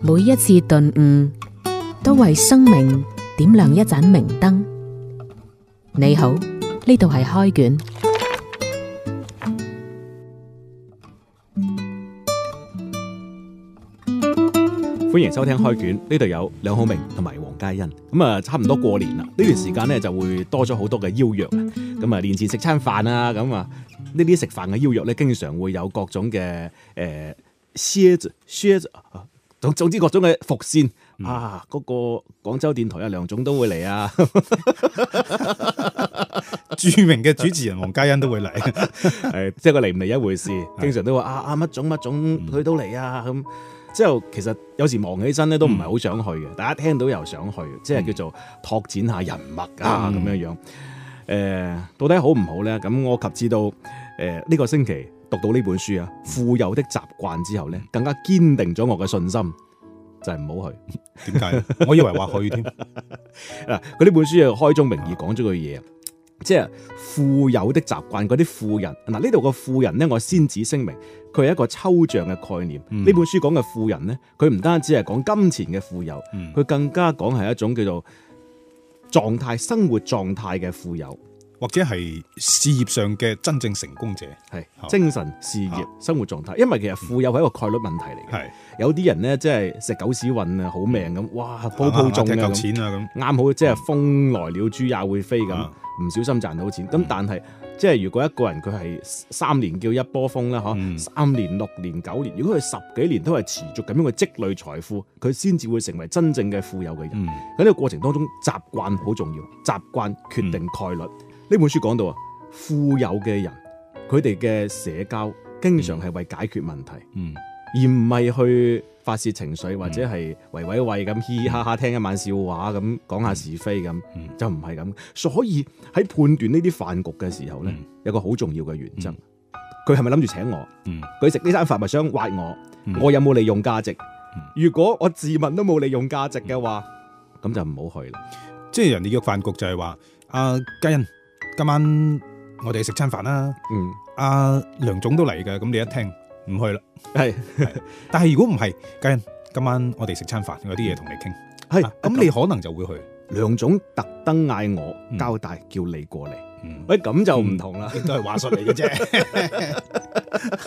每一次頓悟，都為生命點亮一盞明燈。你好，呢度係開卷，歡迎收聽開卷。呢度有梁浩明同埋黃嘉欣。咁啊，差唔多過年啦。呢段時間咧就會多咗好多嘅邀約。咁啊，年前食餐飯啊，咁啊呢啲食飯嘅邀約咧，經常會有各種嘅誒。呃 s h a r 總總之各種嘅伏線啊，嗰，那個廣州電台阿、啊、梁總都會嚟啊， 著名嘅主持人黃嘉欣都會嚟，誒、 哎，即係佢嚟唔嚟一回事，經常都話啊啊乜總乜總佢都嚟啊咁，之後其實有時忙起身咧都唔係好想去嘅，嗯、大家聽到又想去，即係叫做拓展下人脈啊咁樣，嗯，樣，誒、呃，到底好唔好咧？咁我及至到誒呢，呃這個星期。讀到呢本書啊，嗯、富有的習慣之後咧，更加堅定咗我嘅信心，就係唔好去。點 解？我以為話去添嗱。佢呢 本書又開宗明義講咗句嘢，嗯、即係富有的習慣。嗰啲富人嗱，呢度個富人咧，我先至聲明，佢係一個抽象嘅概念。呢、嗯、本書講嘅富人咧，佢唔單止係講金錢嘅富有，佢、嗯、更加講係一種叫做狀態、生活狀態嘅富有。或者係事業上嘅真正成功者，係精神、事業、生活狀態。因為其實富有係一個概率問題嚟嘅。係有啲人咧，即係食狗屎運啊，好命咁，哇，鋪鋪中啊，咁啱好，即係風來了，豬也會飛咁，唔小心賺到錢。咁但係即係如果一個人佢係三年叫一波風啦，嗬，三年、六年、九年，如果佢十幾年都係持續咁樣去積累財富，佢先至會成為真正嘅富有嘅人。喺呢個過程當中，習慣好重要，習慣決定概率。呢本書講到啊，富有嘅人佢哋嘅社交經常係為解決問題，嗯，而唔係去發泄情緒或者係圍圍圍咁嘻嘻哈哈聽一晚笑話咁講下是非咁，就唔係咁。所以喺判斷呢啲飯局嘅時候咧，有個好重要嘅原則，佢係咪諗住請我？嗯，佢食呢餐飯咪想挖我，我有冇利用價值？如果我自問都冇利用價值嘅話，咁就唔好去啦。即係人哋約飯局就係話，阿嘉欣。今晚我哋食餐飯啦，嗯，阿梁總都嚟㗎，咁你一聽唔去啦，係，但係如果唔係，家陣今晚我哋食餐飯，有啲嘢同你傾，係，咁你可能就會去。梁總特登嗌我交代，叫你過嚟，喂、嗯，咁就唔同啦，亦都係話術嚟嘅啫。 係，咁呢、 嗯嗯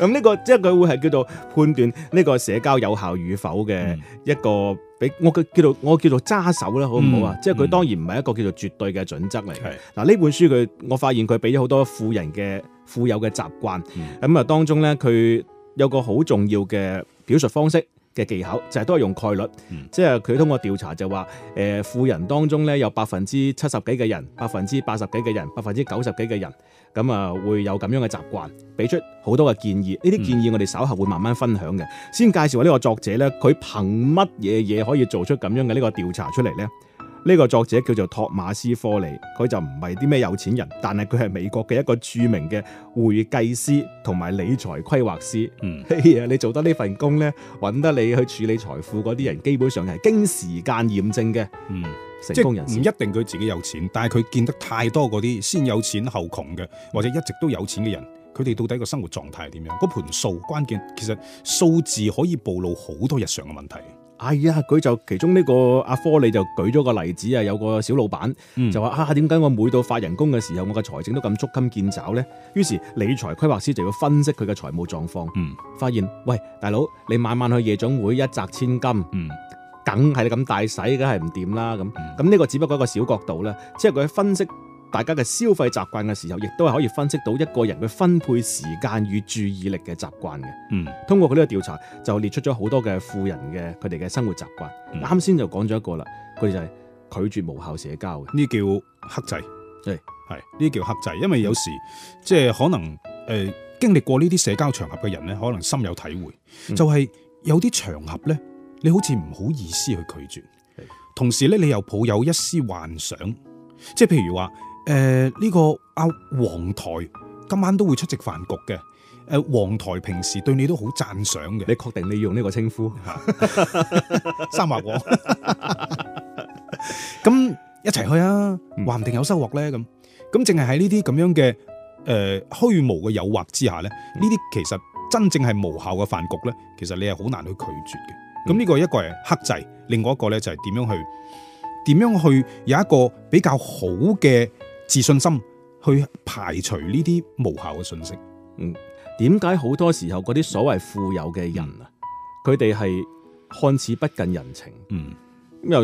嗯，這個即係佢會係叫做判斷呢個社交有效與否嘅一個俾我嘅叫做我叫做揸手啦，好唔好啊？嗯嗯、即係佢當然唔係一個叫做絕對嘅準則嚟。係嗱，呢本書佢，我發現佢俾咗好多富人嘅富有嘅習慣，咁、嗯、啊、嗯、當中咧佢有個好重要嘅表述方式。嘅技巧就係、是、都係用概率，嗯、即係佢通過調查就話，誒、呃，富人當中咧有百分之七十幾嘅人，百分之八十幾嘅人，百分之九十幾嘅人，咁、嗯、啊會有咁樣嘅習慣，俾出好多嘅建議，呢啲建議我哋稍後會慢慢分享嘅，嗯、先介紹下呢個作者咧，佢憑乜嘢嘢可以做出咁樣嘅呢個調查出嚟咧？呢個作者叫做托馬斯科利，佢就唔係啲咩有錢人，但係佢係美國嘅一個著名嘅會計師同埋理財規劃師。嗯，係啊，你做得呢份工咧，搵得你去處理財富嗰啲人，基本上係經時間驗證嘅，嗯，成功人士。唔一定佢自己有錢，但係佢見得太多嗰啲先有錢後窮嘅，或者一直都有錢嘅人，佢哋到底個生活狀態係點樣？嗰盤數關鍵，其實數字可以暴露好多日常嘅問題。係啊，佢、哎、就其中呢、這個阿科，你就舉咗個例子啊，有個小老闆就話啊，點解我每到發人工嘅時候，我嘅財政都咁捉襟見肘咧？於是理財規劃師就要分析佢嘅財務狀況，嗯、發現喂，大佬，你晚晚去夜總會一擲千金，梗係你咁大使梗係唔掂啦咁。咁呢、嗯、個只不過一個小角度啦，即係佢分析。大家嘅消費習慣嘅時候，亦都係可以分析到一個人嘅分配時間與注意力嘅習慣嘅。嗯，通過佢呢個調查就列出咗好多嘅富人嘅佢哋嘅生活習慣。啱先、嗯、就講咗一個啦，佢就係拒絕無效社交嘅，呢叫剋制。係係是，呢叫剋制，因為有時即係可能誒、呃、經歷過呢啲社交場合嘅人咧，可能深有體會，嗯、就係有啲場合咧，你好似唔好意思去拒絕，的同時咧你又抱有一絲幻想，即係譬如話。誒，呢、呃這個阿王台今晚都會出席飯局嘅。誒，王台平時對你都好讚賞嘅。你確定你要用呢個稱呼 三華十王？ 咁一齊去啊，話唔定有收穫咧。咁咁，淨係喺呢啲咁樣嘅誒虛無嘅誘惑之下咧，呢啲其實真正係無效嘅飯局咧，其實你係好難去拒絕嘅。咁呢、這個一個係克制，另外一個咧就係點樣去點樣去有一個比較好嘅。自信心去排除呢啲無效嘅信息。嗯，點解好多時候嗰啲所謂富有嘅人啊，佢哋係看似不近人情。嗯，咁又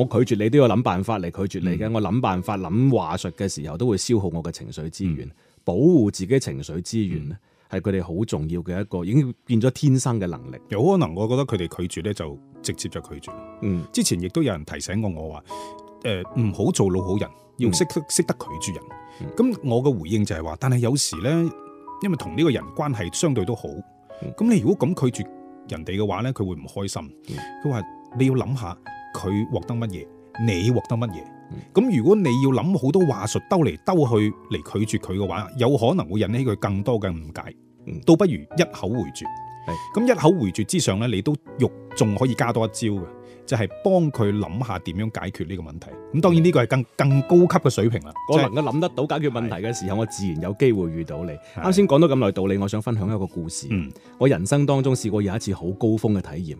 我拒絕你都要諗辦法嚟拒絕你嘅，嗯、我諗辦法諗話術嘅時候都會消耗我嘅情緒資源。嗯、保護自己情緒資源咧，係佢哋好重要嘅一個，已經變咗天生嘅能力。有可能我覺得佢哋拒絕咧就直接就拒絕。嗯，之前亦都有人提醒過我話。誒，唔好、呃、做老好人，要識得識得拒絕人。咁、嗯、我嘅回應就係、是、話，但係有時呢，因為同呢個人關係相對都好，咁、嗯、你如果咁拒絕人哋嘅話呢，佢會唔開心。佢話、嗯、你要諗下佢獲得乜嘢，你獲得乜嘢。咁、嗯、如果你要諗好多話術兜嚟兜去嚟拒絕佢嘅話，有可能會引起佢更多嘅誤解。倒、嗯、不如一口回絕。咁、嗯、一口回絕之上呢，你都仲可以加多一招嘅。就係幫佢諗下點樣解決呢個問題。咁當然呢個係更更高級嘅水平啦。我能夠諗得到解決問題嘅時候，的我自然有機會遇到你。啱先講到咁耐道理，我想分享一個故事。嗯、我人生當中試過有一次好高峰嘅體驗，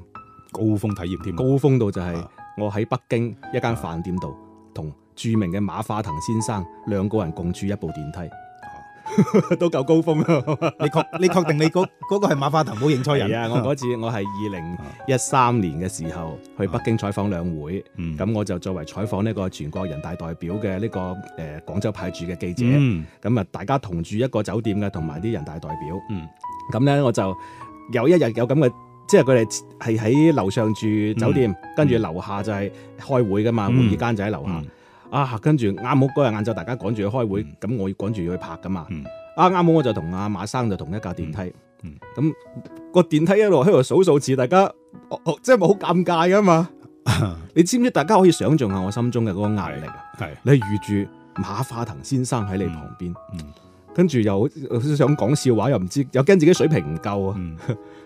高峰體驗添。高峰度就係我喺北京一間飯店度，同著名嘅馬化騰先生兩個人共住一部電梯。 都夠高峰咯！ 你確你確定你嗰嗰個係 馬化騰冇認錯人？係啊，我嗰次我係二零一三年嘅時候去北京採訪兩會，咁、嗯、我就作為採訪呢個全國人大代表嘅呢個誒廣州派駐嘅記者，咁啊、嗯、大家同住一個酒店嘅，同埋啲人大代表，咁咧、嗯、我就有一日有咁嘅，即係佢哋係喺樓上住酒店，嗯、跟住樓下就係開會噶嘛，會議間就喺樓下。嗯啊，跟住啱好嗰日晏晝大家趕住去開會，咁、嗯、我要趕住要去拍噶嘛。嗯、啊啱好我就同阿馬生就同一架電梯，咁個、嗯嗯、電梯一路喺度數數字，大家即係咪好尷尬噶嘛。啊、你知唔知大家可以想像下我心中嘅嗰個壓力？係你預住馬化騰先生喺你旁邊，嗯嗯、跟住又好想講笑話，又唔知又驚自己水平唔夠啊。嗯、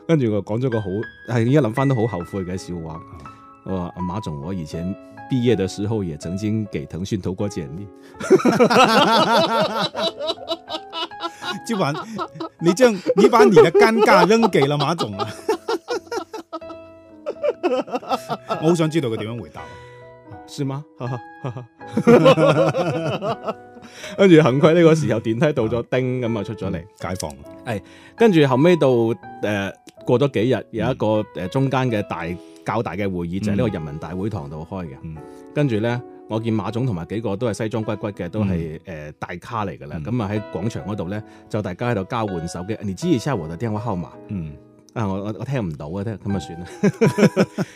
跟住我講咗個好係而家諗翻都好後悔嘅笑話。嗯、我話阿馬仲我以前，畢業的時候也曾經給騰訊投過簡歷，就 把 你將你把你的尷尬扔給了馬總啊！ 我好想知道佢點樣回答，是嗎？跟住幸虧呢個時候電梯到咗，叮咁啊出咗嚟，解放啦，哎！跟住後尾到，誒、呃、過咗幾日有一個誒中間嘅大。嗯較大嘅會議就喺、是、呢個人民大會堂度開嘅，跟住、嗯、呢，我見馬總同埋幾個都係西裝骨骨嘅，都係誒、呃、大咖嚟噶啦。咁啊喺廣場嗰度呢，就大家喺度交換手機。你知，持阿和就聽我敲碼，嗯，啊我我聽唔到啊，咧咁啊算啦。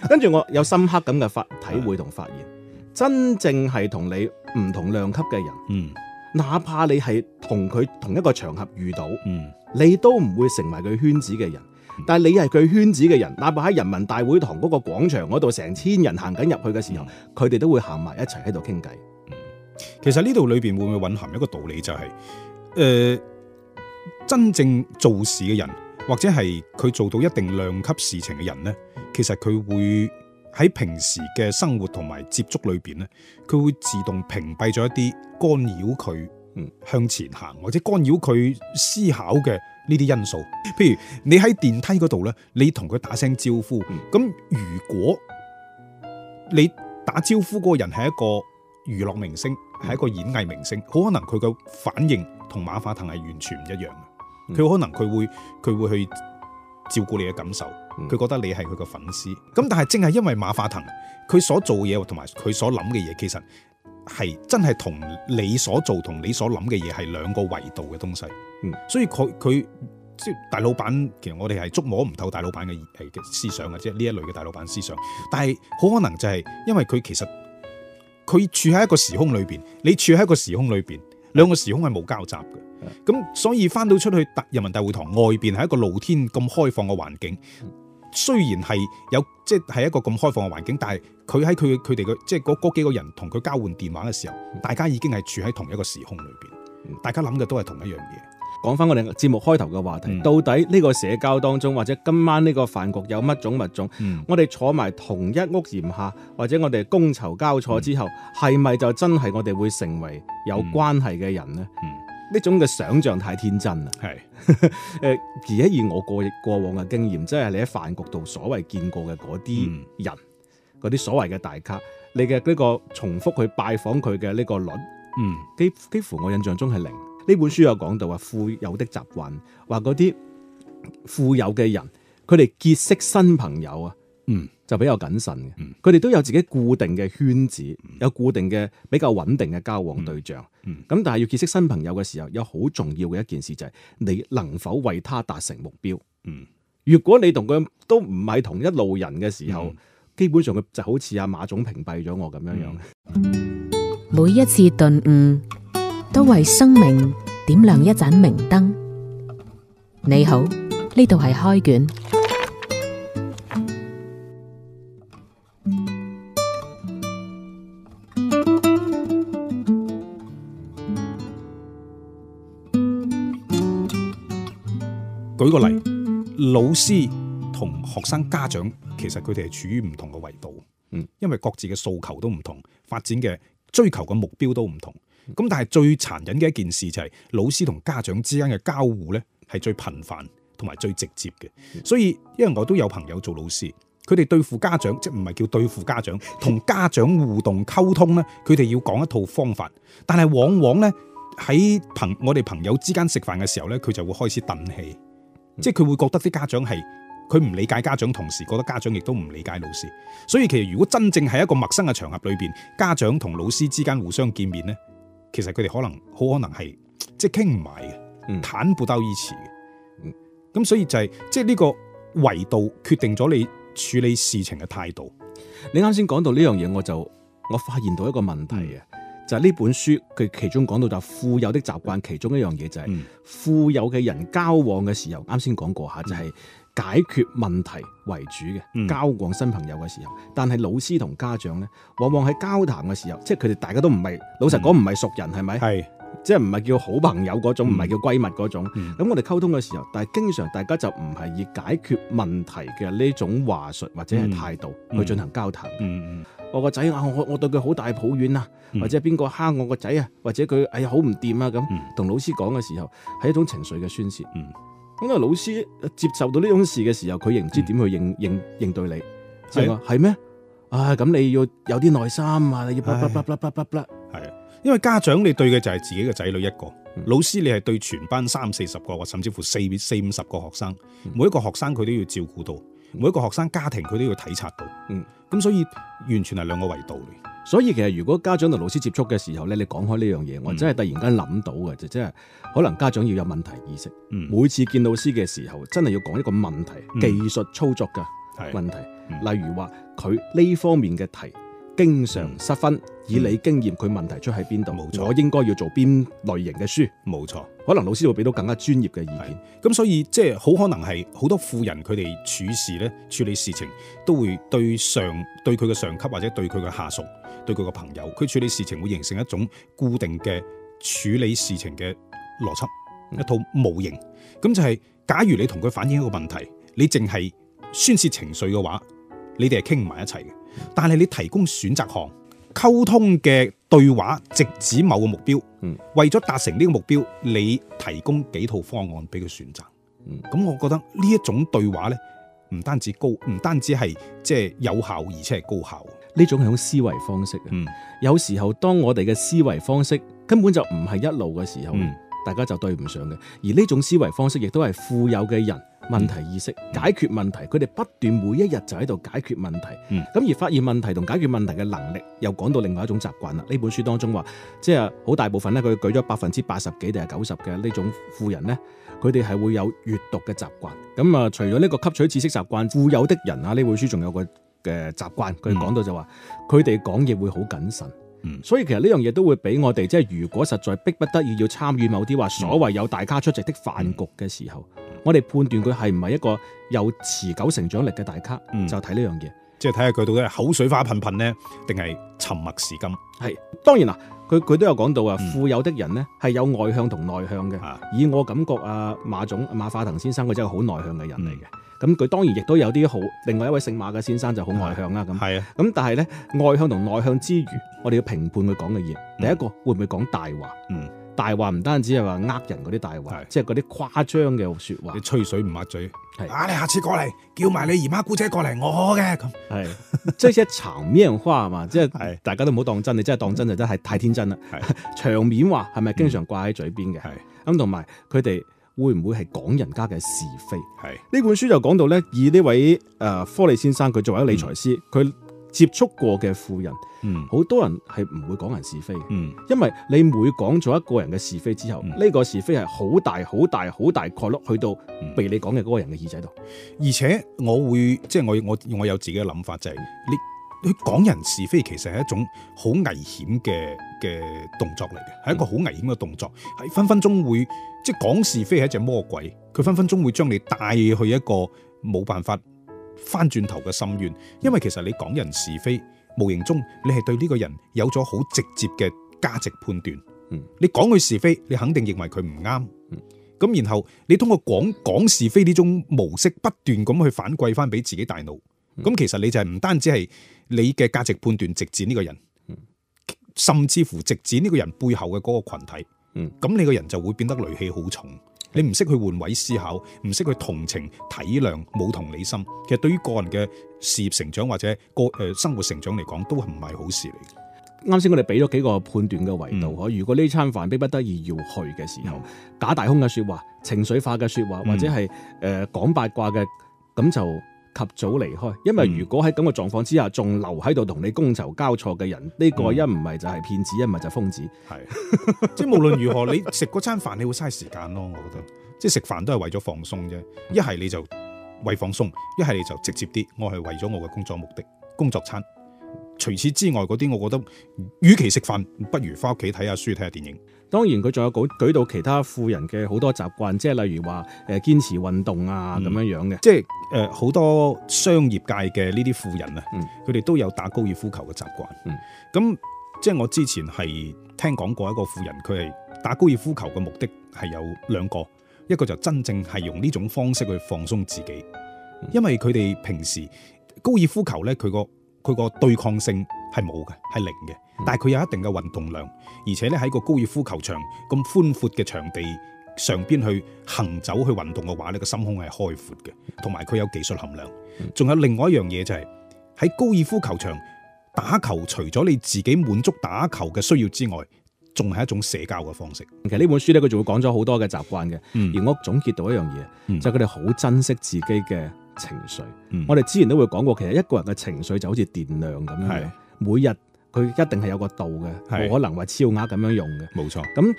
跟 住我有深刻咁嘅發體會同發現，嗯、真正係同你唔同量級嘅人，嗯，哪怕你係同佢同一個場合遇到，嗯、你都唔會成為佢圈子嘅人。嗯、但係你係佢圈子嘅人，哪怕喺人民大會堂嗰個廣場嗰度，嗯、成千人行緊入去嘅時候，佢哋、嗯、都會行埋一齊喺度傾偈。其實呢度裏邊會唔會蘊含一個道理，就是，就係誒真正做事嘅人，或者係佢做到一定量級事情嘅人呢，其實佢會喺平時嘅生活同埋接觸裏邊呢，佢會自動屏蔽咗一啲干擾佢向前行或者干擾佢思考嘅呢啲因素，譬如你喺電梯嗰度呢，你同佢打聲招呼，咁、嗯、如果你打招呼嗰個人係一個娛樂明星，係、嗯、一個演藝明星，好可能佢嘅反應同馬化騰係完全唔一樣嘅，佢、嗯、可能佢會佢會去照顧你嘅感受，佢、嗯、覺得你係佢嘅粉絲，咁但係正係因為馬化騰，佢所做嘢同埋佢所諗嘅嘢，其實。係真係同你所做同你所諗嘅嘢，係兩個維度嘅東西，嗯，所以佢佢即大老闆，其實我哋係捉摸唔透大老闆嘅思想嘅，即係呢一類嘅大老闆思想。但係好可能就係因為佢其實佢處喺一個時空裏邊，你處喺一個時空裏邊，兩個時空係冇交集嘅，咁、嗯、所以翻到出去特人民大會堂外邊係一個露天咁開放嘅環境。嗯雖然係有即係、就是、一個咁開放嘅環境，但係佢喺佢佢哋嘅即係嗰嗰幾個人同佢交換電話嘅時候，大家已經係處喺同一個時空裏邊，大家諗嘅都係同一樣嘢。講返我哋節目開頭嘅話題，嗯、到底呢個社交當中，或者今晚呢個飯局有乜種物種？嗯、我哋坐埋同一屋檐下，或者我哋觥籌交錯之後，係咪、嗯、就真係我哋會成為有關係嘅人呢？嗯嗯嗯。呢種嘅想像太天真啦。係是，誒， 而家以我過過往嘅經驗，即係你喺飯局度所謂見過嘅嗰啲人，嗰啲、嗯、所謂嘅大咖，你嘅呢個重複去拜訪佢嘅呢個率，嗯，基幾乎我印象中係零。呢本書有講到啊，富有的習慣，話嗰啲富有嘅人，佢哋結識新朋友啊，嗯。就比較謹慎嘅，佢哋、嗯、都有自己固定嘅圈子，嗯、有固定嘅比較穩定嘅交往對象。咁、嗯、但係要結識新朋友嘅時候，有好重要嘅一件事就係、是、你能否為他達成目標。嗯、如果你同佢都唔係同一路人嘅時候，嗯、基本上佢就好似阿馬總屏蔽咗我咁樣樣。嗯、每一次頓悟都為生命點亮一盞明燈。你好，呢度係開卷。舉個例，老師同學生家長其實佢哋係處於唔同嘅維度，嗯，因為各自嘅訴求都唔同，發展嘅追求嘅目標都唔同。咁、嗯、但係最殘忍嘅一件事就係、是、老師同家長之間嘅交互呢，係最頻繁同埋最直接嘅。嗯、所以因為我都有朋友做老師，佢哋對付家長即唔係叫對付家長，同家長互動溝通呢，佢哋要講一套方法，但係往往呢，喺朋我哋朋友之間食飯嘅時候呢，佢就會開始氹氣。即係佢會覺得啲家長係佢唔理解家長，同時覺得家長亦都唔理解老師。所以其實如果真正喺一個陌生嘅場合裏邊，家長同老師之間互相見面咧，其實佢哋可能好可能係即係傾唔埋嘅，坦布兜依詞嘅。咁、嗯、所以就係、是、即係呢個維度決定咗你處理事情嘅態度。你啱先講到呢樣嘢，我就我發現到一個問題啊。就係呢本書佢其中講到、就是，就富有的習慣其中一樣嘢就係、是嗯、富有嘅人交往嘅時候，啱先講過吓，就係、是、解決問題為主嘅、嗯、交往新朋友嘅時候。但係老師同家長咧，往往喺交談嘅時候，即係佢哋大家都唔係老實講唔係熟人，係咪、嗯？係吧。即係唔係叫好朋友嗰種，唔係叫閨蜜嗰種。咁我哋溝通嘅時候，但係經常大家就唔係以解決問題嘅呢種話術或者係態度去進行交談。我個仔啊，我我對佢好大抱怨啊，或者邊個蝦我個仔啊，或者佢哎呀好唔掂啊咁，同老師講嘅時候係一種情緒嘅宣泄。咁啊，老師接受到呢種事嘅時候，佢亦唔知點去應應應對你。係啊，係咩？啊，咁你要有啲耐心啊，要因為家長你對嘅就係自己嘅仔女一個，嗯、老師你係對全班三四十個或甚至乎四四五十個學生，嗯、每一個學生佢都要照顧到，嗯、每一個學生家庭佢都要體察到，嗯，咁所以完全係兩個維度嚟。所以其實如果家長同老師接觸嘅時候咧，你講開呢樣嘢，我真係突然間諗到嘅，嗯、就即係可能家長要有問題意識，嗯、每次見老師嘅時候真係要講一個問題，嗯、技術操作嘅問題，嗯問題嗯、例如話佢呢方面嘅題。經常失分，嗯、以你經驗，佢、嗯、問題出喺邊度？冇錯，我應該要做邊類型嘅書？冇錯，可能老師會俾到更加專業嘅意見。咁所以即係好可能係好多富人佢哋處事呢，處理事情都會對上對佢嘅上級或者對佢嘅下屬，對佢嘅朋友，佢處理事情會形成一種固定嘅處理事情嘅邏輯，一套模型。咁就係假如你同佢反映一個問題，你淨係宣泄情緒嘅話，你哋係傾唔埋一齊嘅。但係你提供選擇項，溝通嘅對話直指某個目標，嗯，為咗達成呢個目標，你提供幾套方案俾佢選擇，嗯，咁我覺得呢一種對話呢，唔單止高，唔單止係即係有效，而且係高效，呢種係一種思維方式，嗯，有時候當我哋嘅思維方式根本就唔係一路嘅時候，嗯大家就對唔上嘅，而呢種思維方式亦都係富有嘅人問題意識，嗯、解決問題，佢哋、嗯、不斷每一日就喺度解決問題。咁、嗯、而發現問題同解決問題嘅能力，又講到另外一種習慣啦。呢本書當中話，即係好大部分咧，佢舉咗百分之八十幾定係九十嘅呢種富人呢，佢哋係會有閱讀嘅習慣。咁啊，除咗呢個吸取知識習慣，嗯、富有的人啊，呢本書仲有個嘅習慣，佢、呃、講到就、嗯、話，佢哋講嘢會好謹慎。所以其實呢樣嘢都會俾我哋，即係如果實在逼不得已要參與某啲話所謂有大咖出席的飯局嘅時候，嗯、我哋判斷佢係唔係一個有持久成長力嘅大咖，嗯、就睇呢樣嘢，即係睇下佢到底係口水花噴噴呢，定係沉默是金。係當然啦，佢佢都有講到啊，嗯、富有的人呢係有外向同內向嘅。啊、以我感覺啊，馬總馬化騰先生佢真係好內向嘅人嚟嘅。嗯咁佢當然亦都有啲好，另外一位姓馬嘅先生就好外向啦。咁，係啊，咁但係呢外向同內向之餘，我哋要評判佢講嘅嘢。第一個會唔會講大話？嗯，大話唔單止係話呃人嗰啲大話，即係嗰啲誇張嘅説話。你吹水唔抹嘴，啊，你下次過嚟叫埋你姨媽姑姐過嚟我嘅咁。係，即係一些場面話係嘛，即係大家都唔好當真，你真係當真就真係太天真啦。係，場面話係咪經常掛喺嘴邊嘅？係，咁同埋佢哋。會唔會係講人家嘅是非？係呢是本書就講到咧，以呢位誒、呃、科利先生佢作為一理財師，佢、嗯、接觸過嘅富人，嗯，好多人係唔會講人是非，嗯，因為你每講咗一個人嘅是非之後，呢、嗯、個是非係好大好大好大概率去到被你講嘅嗰個人嘅耳仔度、嗯，而且我會即係、就是、我我我有自己嘅諗法就係、是、你。嗯講人是非其實係一種好危險嘅嘅動作嚟嘅，係一個好危險嘅動作，係分分鐘會即係講是非係一隻魔鬼，佢分分鐘會將你帶去一個冇辦法翻轉頭嘅深淵。因為其實你講人是非，無形中你係對呢個人有咗好直接嘅價值判斷。嗯，你講佢是非，你肯定認為佢唔啱。嗯，咁然後你通過講講是非呢種模式，不斷咁去反饋翻俾自己大腦。咁其實你就係唔單止係。你嘅價值判斷直指呢個人，甚至乎直指呢個人背後嘅嗰個羣體。咁、嗯、你個人就會變得戾氣好重，你唔識去換位思考，唔識去同情體諒，冇同理心。其實對於個人嘅事業成長或者個誒生活成長嚟講，都唔係好事嚟嘅。啱先我哋俾咗幾個判斷嘅維度，可、嗯、如果呢餐飯逼不得已要去嘅時候，假大空嘅説話、情緒化嘅説話，或者係誒、嗯呃、講八卦嘅，咁就。及早離開，因為如果喺咁嘅狀況之下仲留喺度同你觥籌交錯嘅人，呢、呢個一唔係就係騙子，一唔係就係瘋子。係是，即係 無論如何，你食嗰餐飯，你會嘥時間咯。我覺得，即係食飯都係為咗放鬆啫。一係、嗯、你就為放鬆，一係你就直接啲。我係為咗我嘅工作目的，工作餐。除此之外，嗰啲我覺得，與其食飯，不如翻屋企睇下書睇下電影。當然，佢仲有舉舉到其他富人嘅好多習慣，即係例如話誒、呃、堅持運動啊咁樣樣嘅、嗯，即係誒好多商業界嘅呢啲富人啊，佢哋、嗯、都有打高爾夫球嘅習慣。咁、嗯、即係我之前係聽講過一個富人，佢係打高爾夫球嘅目的係有兩個，一個就真正係用呢種方式去放鬆自己，嗯、因為佢哋平時高爾夫球咧，佢個。佢個對抗性係冇嘅，係零嘅。但係佢有一定嘅運動量，而且咧喺個高爾夫球場咁寬闊嘅場地上邊去行走去運動嘅話咧，個心胸係開闊嘅，同埋佢有技術含量。仲有另外一樣嘢就係、是、喺高爾夫球場打球，除咗你自己滿足打球嘅需要之外，仲係一種社交嘅方式。其實呢本書咧，佢仲會講咗好多嘅習慣嘅，嗯、而我總結到一樣嘢，就係佢哋好珍惜自己嘅情緒，我哋之前都會講過，其實一個人嘅情緒就好似電量咁樣樣，每日佢一定係有個度嘅，冇可能話超額咁樣用嘅。冇錯。咁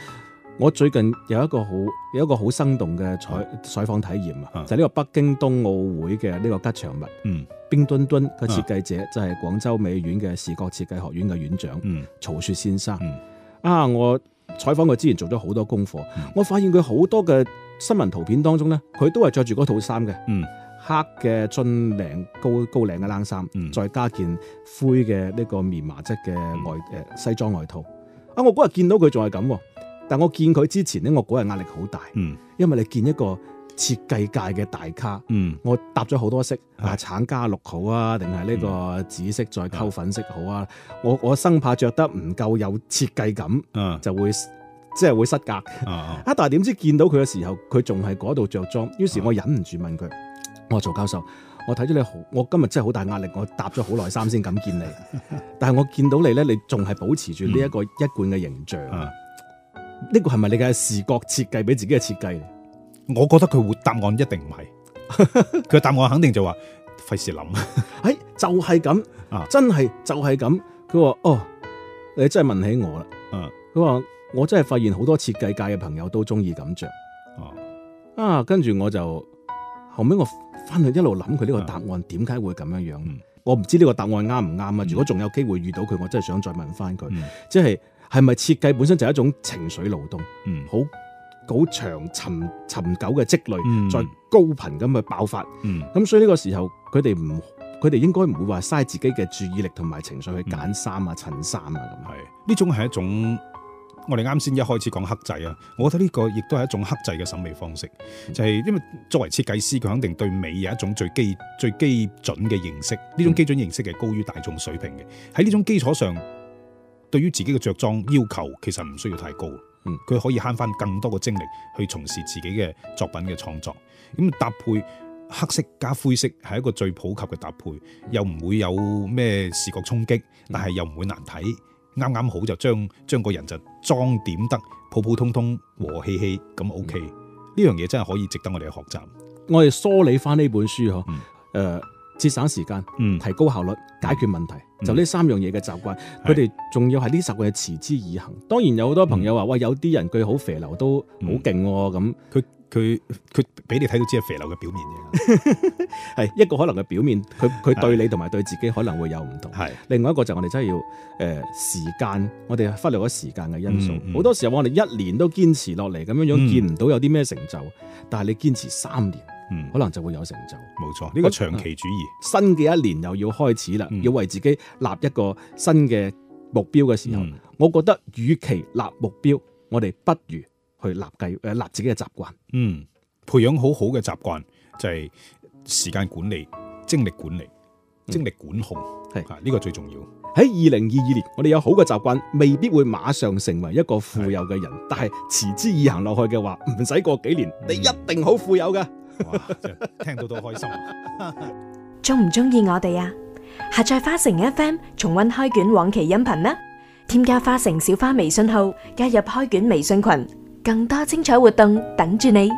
我最近有一個好有一個好生動嘅採採訪體驗啊，就係呢個北京冬奧會嘅呢個吉祥物，嗯，冰墩墩嘅設計者就係廣州美院嘅視覺設計學院嘅院長，嗯，曹雪先生。啊，我採訪佢之前做咗好多功課，我發現佢好多嘅新聞圖片當中呢，佢都係着住嗰套衫嘅，嗯。黑嘅樽領高高領嘅冷衫，再加件灰嘅呢個棉麻質嘅外誒西裝外套啊！我嗰日見到佢仲係咁，但我見佢之前咧，我嗰日壓力好大，因為你見一個設計界嘅大咖，我搭咗好多色啊，橙加綠好啊，定係呢個紫色再溝粉色好啊？我我生怕着得唔夠有設計感，就會即係會失格啊。但係點知見到佢嘅時候，佢仲係嗰度着裝，於是我忍唔住問佢。我曹教授，我睇咗你，好。我今日真係好大壓力，我搭咗好耐衫先敢見你。但係我見到你咧，你仲係保持住呢一個一貫嘅形象。呢個係咪你嘅視覺設計俾自己嘅設計？我覺得佢答答案一定唔係。佢 答案肯定就話，費事諗。 哎，就係咁啊，真係就係咁。佢話哦，你真係問起我啦。佢話、嗯、我真係發現好多設計界嘅朋友都中意咁着。嗯、啊，跟住我就後尾我。翻去，一路諗佢呢個答案點解會咁樣樣，嗯、我唔知呢個答案啱唔啱啊！嗯、如果仲有機會遇到佢，我真係想再問翻佢，嗯、即係係咪設計本身就係一種情緒勞動，好好、嗯、長沉持久嘅積累，嗯、再高頻咁去爆發，咁、嗯、所以呢個時候佢哋唔佢哋應該唔會話嘥自己嘅注意力同埋情緒去揀衫、嗯、啊、襯衫啊咁，係呢種係一種。我哋啱先一開始講克制啊，我覺得呢個亦都係一種克制嘅審美方式，就係因為作為設計師，佢肯定對美有一種最基最基準嘅認識，呢種基準認識係高於大眾水平嘅。喺呢種基礎上，對於自己嘅着裝要求其實唔需要太高，嗯，佢可以慳返更多嘅精力去從事自己嘅作品嘅創作。咁，嗯，搭配黑色加灰色係一個最普及嘅搭配，又唔會有咩視覺衝擊，但係又唔會難睇。啱啱好就將將個人就裝點得普普通通、和和氣氣咁 OK，呢樣嘢真係可以值得我哋學習。我哋梳理翻呢本書呵，誒、嗯呃，節省時間，嗯、提高效率，解決問題，嗯、就呢三樣嘢嘅習慣。佢哋仲要係呢十個嘢持之以恒。當然有好多朋友話：嗯、喂，有啲人佢好肥流都好勁喎，咁佢、嗯。佢佢俾你睇到只係肥牛嘅表面啫，係 一個可能嘅表面，佢佢對你同埋對自己可能會有唔同。係的另外一個就係我哋真係要誒、呃、時間，我哋忽略咗時間嘅因素。好、嗯嗯、多時候我哋一年都堅持落嚟咁樣樣、嗯、見唔到有啲咩成就，但係你堅持三年，嗯、可能就會有成就。冇錯錯，呢、這個長期主義。新嘅一年又要開始啦，嗯、要為自己立一個新嘅目標嘅時候，嗯、我覺得與其立目標，我哋不如。去立計誒，立自己嘅習慣，嗯，培養好好嘅習慣就係、是、時間管理、精力管理、嗯、精力管控係啊，呢是個最重要。喺二零二二年，我哋有好嘅習慣，未必會馬上成為一個富有嘅人，是但係持之以恒落去嘅話，唔使過幾年，嗯、你一定好富有㗎。 哇，聽到都開心。鍾唔鍾意我哋啊？下載花城 F M 重温開卷往期音頻呢，添加花城小花微信號，加入開卷微信群,群。更多精彩活動等住你！